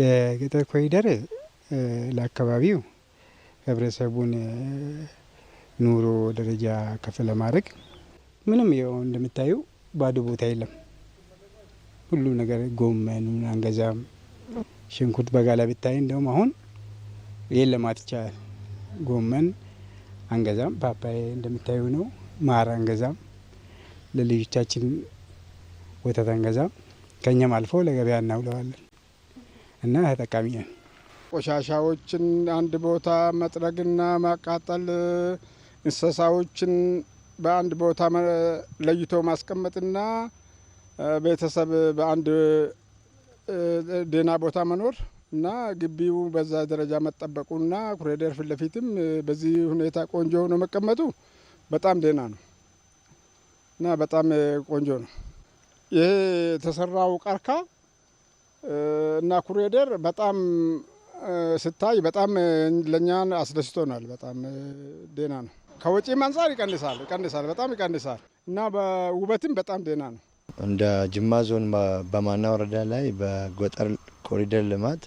የገጠር ኮሪደር ለአካባቢው ህብረተሰቡን ኑሮ ደረጃ ከፍ ለማድረግ ምንም ያው እንደምታዩ ባዶ ቦታ የለም። ሁሉ ነገር ጎመን አንገዛም፣ ሽንኩርት በጋላ ብታይ እንደውም አሁን የለም አትቻል ጎመን አንገዛም፣ ፓፓዬ እንደምታዩ ነው። ማር አንገዛም፣ ለልጆቻችን ወተት አንገዛም። ከእኛም አልፎ ለገበያ እናውለዋለን። እና ተጠቃሚ ነን። ቆሻሻዎችን አንድ ቦታ መጥረግና ማቃጠል፣ እንስሳዎችን በአንድ ቦታ ለይቶ ማስቀመጥና ቤተሰብ በአንድ ደህና ቦታ መኖር እና ግቢው በዛ ደረጃ መጠበቁና ኩሬደር ፊት ለፊትም በዚህ ሁኔታ ቆንጆ ሆኖ መቀመጡ በጣም ደህና ነው እና በጣም ቆንጆ ነው። ይሄ የተሰራው ቀርካ እና ኩሬደር በጣም ስታይ በጣም ለእኛን አስደስቶናል። በጣም ዴና ነው። ከወጪም አንጻር ይቀንሳል ይቀንሳል በጣም ይቀንሳል እና በውበትም በጣም ዴና ነው። እንደ ጅማ ዞን በማና ወረዳ ላይ በጎጠር ኮሪደር ልማት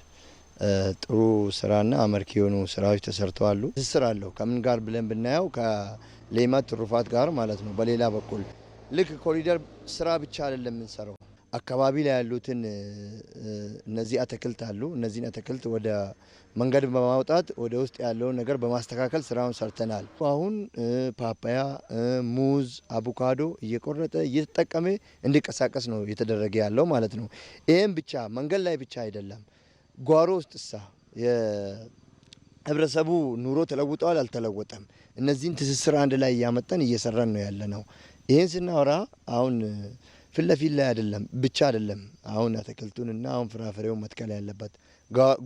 ጥሩ ስራና አመርኪ የሆኑ ስራዎች ተሰርተዋሉ። ትስስር አለው ከምን ጋር ብለን ብናየው ከሌማት ትሩፋት ጋር ማለት ነው። በሌላ በኩል ልክ ኮሪደር ስራ ብቻ አይደለም የምንሰራው አካባቢ ላይ ያሉትን እነዚህ አትክልት አሉ። እነዚህን አትክልት ወደ መንገድ በማውጣት ወደ ውስጥ ያለውን ነገር በማስተካከል ስራውን ሰርተናል። አሁን ፓፓያ፣ ሙዝ፣ አቮካዶ እየቆረጠ እየተጠቀመ እንዲንቀሳቀስ ነው እየተደረገ ያለው ማለት ነው። ይህም ብቻ መንገድ ላይ ብቻ አይደለም፣ ጓሮ ውስጥ እሳ ህብረተሰቡ ኑሮ ተለውጠዋል አልተለወጠም? እነዚህን ትስስር አንድ ላይ እያመጠን እየሰራን ነው ያለ ነው። ይህን ስናወራ አሁን ፊት ለፊት ላይ አይደለም ብቻ አይደለም አሁን አትክልቱንና እና አሁን ፍራፍሬውን መትከል ያለበት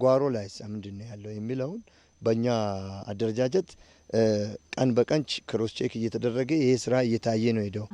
ጓሮ ላይ ምንድን ነው ያለው የሚለውን በእኛ አደረጃጀት ቀን በቀን ክሮስ ቼክ እየተደረገ ይሄ ስራ እየታየ ነው ሄደው